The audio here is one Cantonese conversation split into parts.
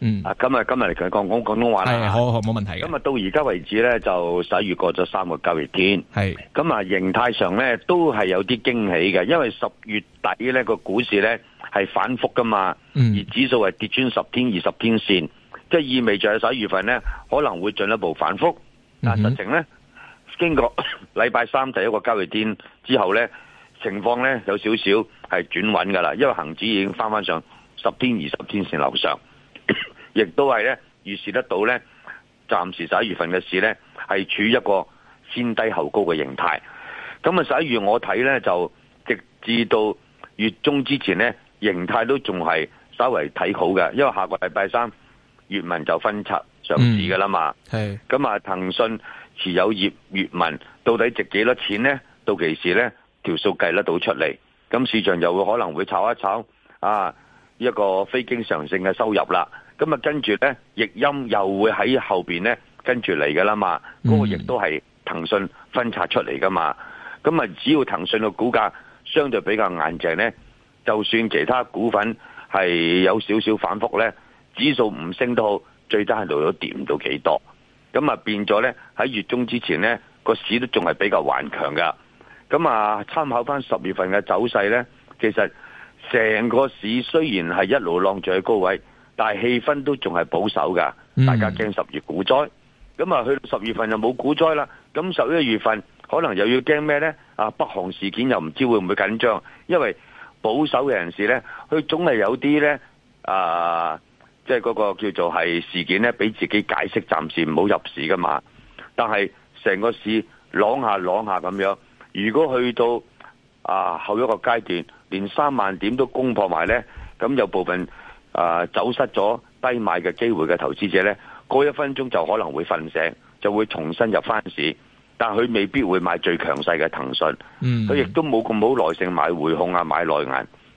嗯，啊，今日今日嚟講講廣東話啦，好好冇問題。今日到而家為止咧，就十一月過咗三個交易天，係的。咁啊，形態上咧都係有啲驚喜嘅，因為十月底咧個股市咧係反覆噶嘛，嗯、而指數係跌穿十天二十天線，即係意味住喺十一月份咧可能會進一步反覆。但實情咧，經過禮拜三第一個交易天之後咧，情況咧有少少係轉穩噶啦，因為恒指已經翻翻上十天二十天線樓上。亦都係咧預視得到咧，暫時十一月份嘅市咧係處於一個先低後高嘅形態。咁啊，十一月我睇咧就直至到月中之前咧，形態都仲係稍微睇好嘅，因為下個禮拜三，閱文就分拆上市㗎啦嘛。咁啊、嗯，騰訊持有業閱文到底值幾多錢咧？到其時咧條數計得到出嚟，咁市場就會可能會炒一炒啊，一個非經常性嘅收入啦。咁啊，跟住呢，逆音又會喺後面呢，跟住嚟㗎啦嘛。嗰個亦都係騰訊分拆出嚟㗎嘛。咁啊，只要騰訊嘅股價相對比較硬淨呢，就算其他股份係有少少反覆呢，指數唔升都好，最低限度都掂唔到幾多。咁啊，變咗呢，喺月中之前呢，個市都仲係比較頑強㗎。咁啊，參考翻十月份嘅走勢呢，其實成個市雖然係一路浪住喺高位。但係氣氛都仲係保守噶，大家驚十月股災。咁啊，去到十月份又冇股災啦。咁十一月份可能又要驚咩呢？啊，北韓事件又唔知會唔會緊張？因為保守嘅人士呢，佢總係有啲呢，啊，即係嗰個叫做係事件呢，俾自己解釋，暫時唔好入市噶嘛。但係成個市朗下朗下咁樣，如果去到啊後一個階段，連三萬點都攻破埋呢，咁有部分。啊！走失咗低買嘅機會嘅投資者呢，過一分鐘就可能會瞓醒，就會重新入翻市，但佢未必會買最強勢嘅騰訊。佢亦都冇咁好耐性買匯控啊，買內銀。咁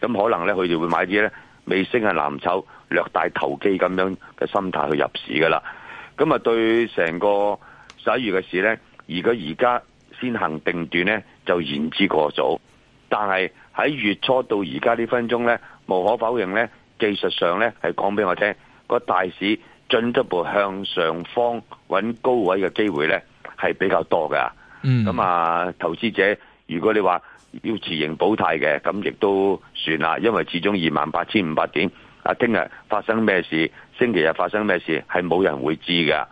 可能呢，佢就會買啲呢未升嘅藍籌，略帶投機咁樣嘅心態去入市噶啦。咁啊，對成個十一月嘅市呢？如果而家先行定段呢，就言之過早。但係喺月初到而家呢分鐘呢，無可否認呢。技術上咧，係講俾我聽，個大市進一步向上方揾高位嘅機會咧係比較多噶。咁、嗯、啊，投資者如果你話要持盈保泰嘅，咁亦都算啦，因為始終二萬八千五百點。啊，聽日發生咩事，星期日發生咩事，係冇人會知噶。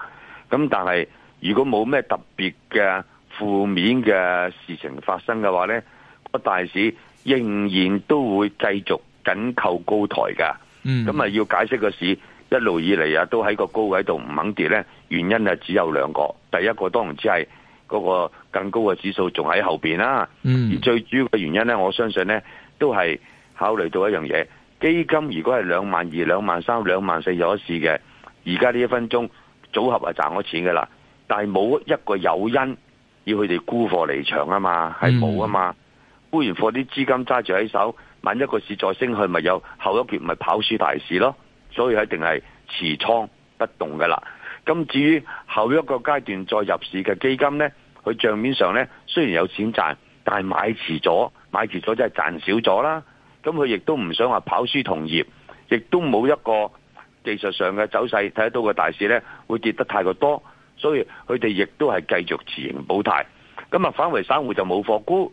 咁但係如果冇咩特別嘅負面嘅事情發生嘅話咧，個大市仍然都會繼續。緊扣高台噶咁啊、嗯、要解釋個市一路以嚟，啊都喺個高位度唔肯跌呢，原因就只有兩個。第一個當然只係嗰個更高嘅指數仲喺後邊啦，嗯、而最主要嘅原因呢，我相信呢，都係考慮到一樣嘢，基金如果係兩萬二、兩萬三、兩萬四有一市嘅，而家呢一分鐘組合係賺咗錢噶啦，但係冇一個誘因，要佢哋沽貨離場啊嘛，係冇啊嘛，沽完貨啲資金揸住喺手。萬一個市再升去，咪有後一橛，咪跑輸大市咯，所以一定係持倉不動㗎啦。咁至於後一個階段再入市嘅基金呢，佢賬面上呢雖然有錢賺，但係買遲咗，買遲咗真係賺少咗啦。咁佢亦都唔想話跑輸同業，亦都冇一個技術上嘅走勢睇得到嘅大市呢會跌得太過多，所以佢哋亦都係繼續持盈保泰。咁啊，反為散戶就冇貨沽。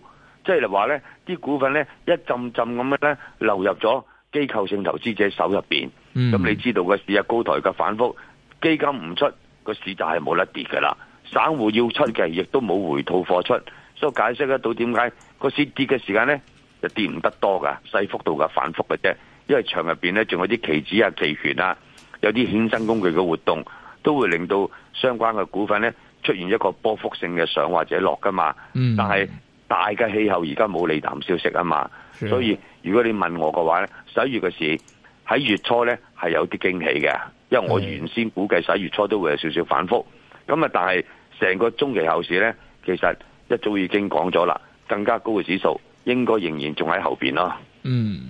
即係話呢啲股份呢，一浸浸咁樣呢流入咗機構性投資者手入邊，咁、mm hmm. 你知道個市啊高台嘅反覆，基金唔出個市就係冇得跌噶啦，散戶要出嘅亦都冇回吐貨出，所以解釋得到點解個市跌嘅時間呢，就跌唔得多噶，細幅度嘅反覆嘅啫，因為場入邊呢仲有啲期指啊、期權啊，有啲衍生工具嘅活動，都會令到相關嘅股份呢出現一個波幅性嘅上或者落噶嘛，mm hmm. 但係。大嘅氣候而家冇利淡消息啊嘛，的所以如果你問我嘅話呢，十一月嘅市喺月初呢係有啲驚喜嘅，因為我原先估計十一月初都會有少少反覆，咁啊但係成個中期後市呢，其實一早已經講咗啦，更加高嘅指數應該仍然仲喺後面咯。嗯。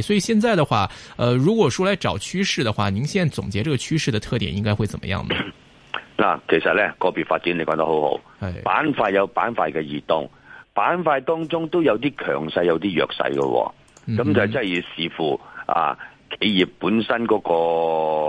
所以現在的話，呃，如果說來找趨勢的話，您現在總結這個趨勢的特點應該會怎麼樣呢？嗱，其實咧，個別發展你講得好好，係板塊有板塊嘅移動，板塊當中都有啲強勢，有啲弱勢嘅、哦，咁、嗯、哼就真係要視乎啊企業本身嗰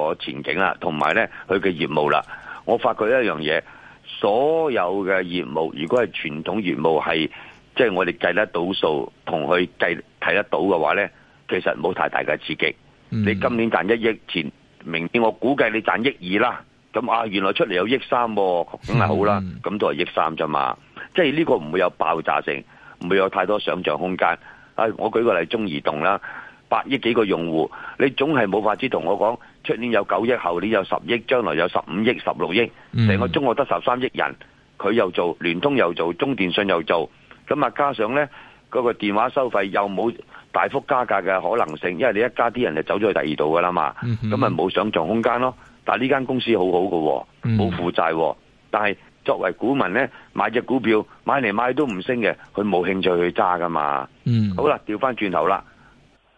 個前景啦、啊，同埋咧佢嘅業務啦。我發覺一樣嘢，所有嘅業務如果係傳統業務係，即係、就是、我哋計得到數同佢計睇得到嘅話咧。其實冇太大嘅刺激，嗯、你今年賺一億，前明年我估計你賺億二啦，咁啊原來出嚟有億三，梗係好啦，咁都係億三啫嘛，即係呢個唔會有爆炸性，唔會有太多想象空間。啊、哎，我舉個例，中移動啦，八億幾個用戶，你總係冇法子同我講，出年有九億，後年有十億，將來有十五億、十六億，成個中國得十三億人，佢又做，聯通又做，中電信又做，咁啊加上呢嗰、那個電話收費又冇大幅加價嘅可能性，因為你一家啲人就走咗去第二度噶啦嘛，咁咪冇想象空間咯。但係呢間公司好好嘅，冇負債，但係作為股民呢，買隻股票買嚟買都唔升嘅，佢冇興趣去揸噶嘛。嗯、好啦，調翻轉頭啦，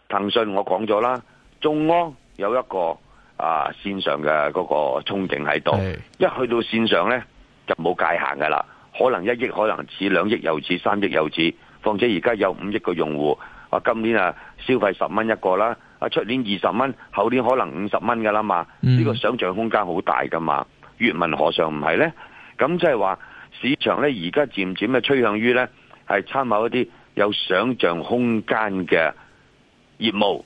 騰訊我講咗啦，眾安有一個啊線上嘅嗰個憧憬喺度，的一去到線上呢，就冇界限噶啦，可能一億，可能似兩億，又似三億，又似，況且而家有五億個用戶。今年啊消費十蚊一個啦，啊出年二十蚊，後年可能五十蚊噶啦嘛，呢個想象空間好大噶嘛，粵文何嘗唔係呢？咁即係話市場呢，而家漸漸嘅趨向於呢，係參考一啲有想象空間嘅業務，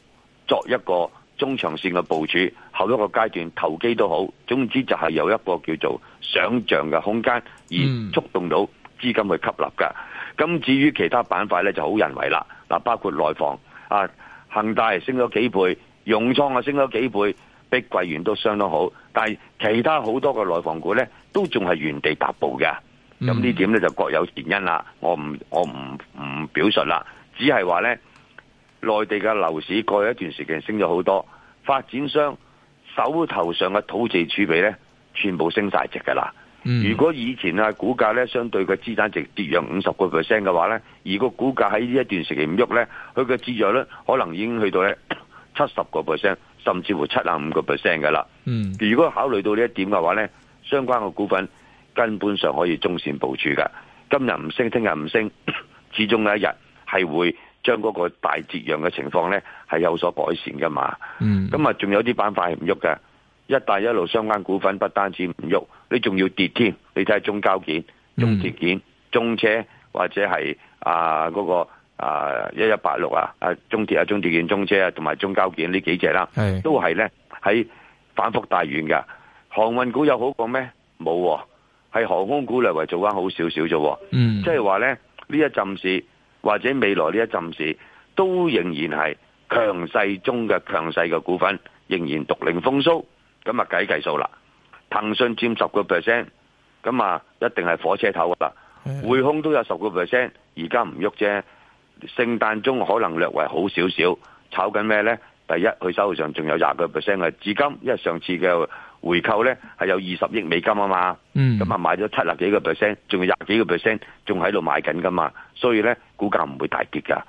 作一個中長線嘅部署，後一個階段投機都好，總之就係有一個叫做想象嘅空間而觸動到資金去吸納噶。咁至於其他板塊咧就好人為啦，嗱包括內房啊，恒大升咗幾倍，融創啊升咗幾倍，碧桂園都相當好，但係其他好多嘅內房股咧都仲係原地踏步嘅，咁呢、嗯、點咧就各有原因啦，我唔我唔唔表述啦，只係話咧內地嘅樓市過去一段時間升咗好多，發展商手頭上嘅土地儲備咧全部升晒值㗎啦。嗯、如果以前啊，股價咧相對嘅資產值跌讓五十個 percent 嘅話咧，如果股價喺呢一段時期唔喐咧，佢嘅折讓率咧可能已經去到咧七十個 percent，甚至乎七啊五個 percent 嘅啦。嗯、如果考慮到呢一點嘅話咧，相關嘅股份根本上可以中線部署噶。今日唔升，聽日唔升， 始終有一日係會將嗰個大折讓嘅情況咧係有所改善嘅嘛。咁啊、嗯，仲有啲板塊係唔喐嘅。一帶一路相關股份不單止唔喐，你仲要跌添。你睇下中交建、中鐵建、中車或者係啊嗰個啊一一八六啊啊中鐵啊、中鐵建、中車啊同埋中交建呢幾隻啦，都係呢，喺反覆大院㗎。航運股有好過咩？冇、啊，係航空股略為做翻好少少啫。嗯，即係話呢，呢一陣時或者未來呢一陣時都仍然係強勢中嘅強勢嘅股份仍然獨領風騷。今日計計數啦，騰訊佔十個 percent，咁啊一定係火車頭啦。匯控都有十個 percent，而家唔喐啫。聖誕中可能略為好少少，炒緊咩咧？第一，佢收入上仲有廿個 percent 嘅，至今因為上次嘅回購咧係有二十億美金啊嘛。咁啊、嗯、買咗七十幾個 percent，仲有廿幾個 percent，仲喺度買緊噶嘛。所以咧股價唔會大跌噶。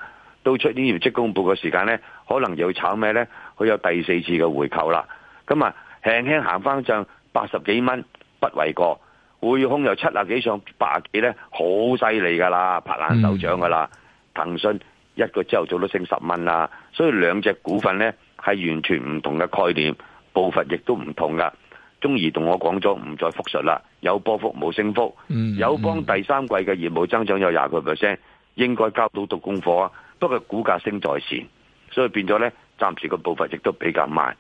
到出呢業績公布嘅時間咧，可能又要炒咩咧？佢有第四次嘅回購啦。咁啊。輕輕行翻上八十幾蚊不為過，匯控由七啊幾上八啊幾咧，好犀利噶啦，拍爛手掌噶啦。嗯、騰訊一個朝頭早，都升十蚊啦，所以兩隻股份咧係完全唔同嘅概念，步伐亦都唔同噶。中移同我講咗，唔再複述啦，有波幅冇升幅。友邦第三季嘅業務增長有廿個 percent，應該交到讀功課啊。不過股價升在前，所以變咗咧暫時個步伐亦都比較慢。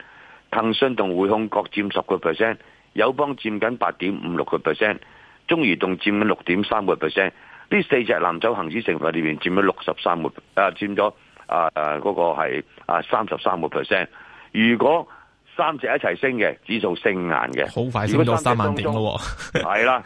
騰訊同匯控各佔十個 percent，友邦佔緊八點五六個 percent，中移動佔緊六點三個 percent。呢四隻藍籌恒指成分裏邊佔咗六十三個，啊佔咗啊啊嗰個係啊三十三個 percent。如果三隻一齊升嘅，指數升硬嘅，好快升到三萬點咯。係 啦，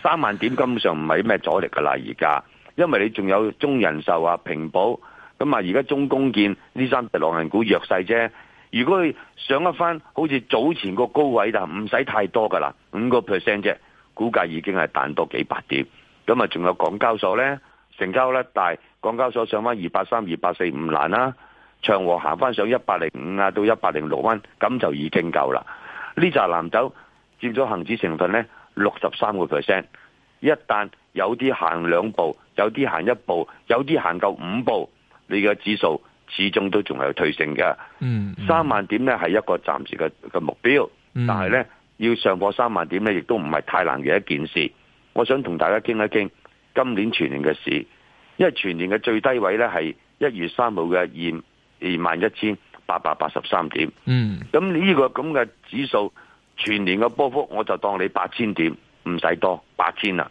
三萬點根本上唔係咩阻力噶啦，而家，因為你仲有中人壽啊、平保，咁啊而家中公建呢三隻狼人股弱勢啫。如果上一翻好似早前個高位就唔使太多噶啦，五個 percent 啫，估計已，已經係彈多幾百點。咁啊，仲有港交所呢？成交率大，港交所上翻二百三、二百四唔難啦、啊。長和行翻上一百零五啊，到一百零六蚊，咁就已經夠啦。呢紮藍籌佔咗恆指成分呢六十三個 percent，一旦有啲行兩步，有啲行一步，有啲行夠五步，你嘅指數。始終都仲係有退升嘅，三萬、嗯嗯、點咧係一個暫時嘅嘅目標，嗯、但係咧要上過三萬點咧，亦都唔係太難嘅一件事。我想同大家傾一傾今年全年嘅市，因為全年嘅最低位咧係一月三號嘅二二萬一千八百八十三點，咁呢、嗯、個咁嘅指數全年嘅波幅，我就當你八千點唔使多八千啦，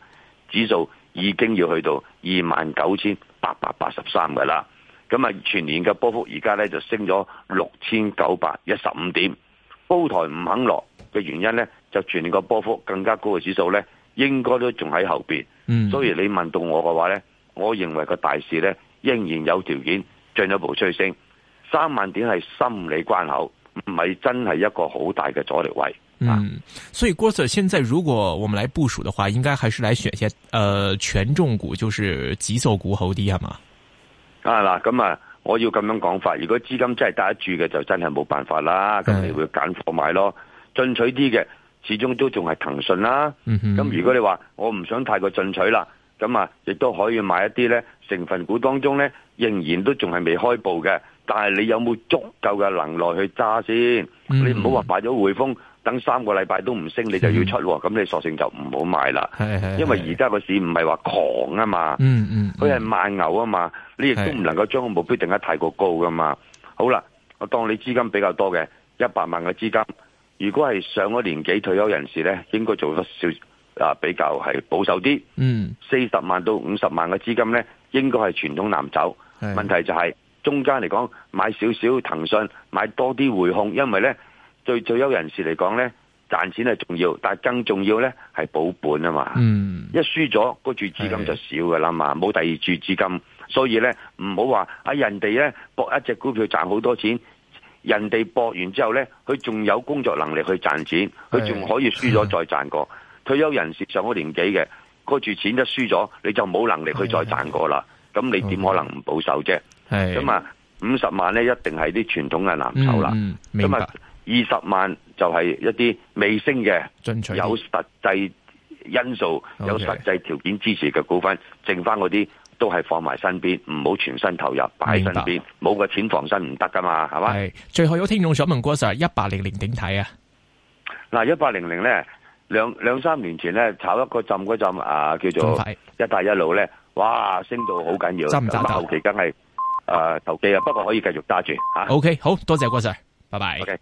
指數已經要去到二萬九千八百八十三嘅啦。咁啊，全年嘅波幅而家咧就升咗六千九百一十五點。高台唔肯落嘅原因咧，就全年個波幅更加高嘅指數咧，應該都仲喺後邊。嗯，所以你問到我嘅話咧，我認為個大市咧仍然有條件進一步再升。三萬點係心理關口，唔係真係一個好大嘅阻力位。啊，嗯，所以郭 Sir，現在如果我們嚟部署嘅話，應該還是嚟選些，呃，權重股，就是指數股好啲啊嘛？嗱，咁啊，我要咁樣講法。如果資金真係帶得住嘅，就真係冇辦法啦。咁你會揀貨買咯，進取啲嘅，始終都仲係騰訊啦。咁如果你話我唔想太過進取啦，咁啊，亦都可以買一啲咧成份股當中咧，仍然都仲係未開步嘅。但係你有冇足夠嘅能耐去揸先？嗯、你唔好話買咗匯豐，等三個禮拜都唔升，你就要出喎。咁的你索性就唔好買啦。因為而家個市唔係話狂啊嘛，佢係慢牛啊嘛。你亦都唔能夠將個目標定得太過高噶嘛？好啦，我當你資金比較多嘅一百萬嘅資金，如果係上咗年紀退休人士咧，應該做得少啊，比較係保守啲。嗯，四十萬到五十萬嘅資金咧，應該係傳統藍籌。是的問題就係、是、中間嚟講買少少騰訊，買多啲匯控，因為咧，對退休人士嚟講咧，賺錢係重要，但係更重要咧係保本啊嘛。嗯的，一輸咗嗰注資金就少噶啦嘛，冇第二注資金。所以咧，唔好話啊人哋咧博一隻股票賺好多錢，人哋博完之後咧，佢仲有工作能力去賺錢，佢仲可以輸咗再賺過。嗯、退休人士上咗年紀嘅，嗰住錢一輸咗，你就冇能力去再賺過啦。咁的你點可能唔保守啫？係咁啊，五十萬咧一定係啲傳統嘅藍籌啦。咁啊、嗯，二十萬就係一啲未升嘅，有實際因素、有實際條 okay, 件支持嘅股份，剩翻嗰啲。都係放埋身邊，唔好全身投入，擺喺身邊，冇的個錢防身唔得噶嘛，係嘛？係，最後有聽眾想問郭 Sir 一八零零點睇啊？嗱，一八零零咧，兩兩三年前咧炒一個浸嗰、嗰個、浸啊，叫做一帶一路咧，哇，升到好緊要，浸大頭期梗係誒投機啊，不過可以繼續揸住嚇。啊、OK，好多謝郭 Sir，拜拜。OK，